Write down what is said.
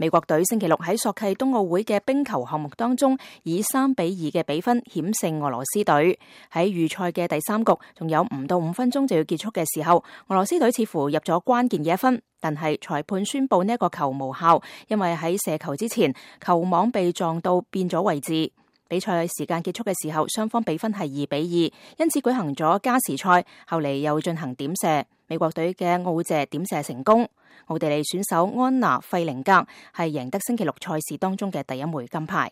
美國隊星期六喺索契冬奧會嘅冰球項目當中，以三比二嘅比分險勝俄羅斯隊。喺預賽嘅第三局，仲有唔到五分鐘就要結束嘅時候，俄羅斯隊似乎入咗關鍵嘅一分，但係裁判宣布呢一個球無效，因為喺射球之前，球網被撞到變咗位置。比賽時間結束嘅時候，雙方比分係二比二，因此舉行咗加時賽，後嚟又進行點射。美國隊嘅奧謝點射成功，奧地利選手安娜費靈格係贏得星期六賽事當中嘅第一枚金牌。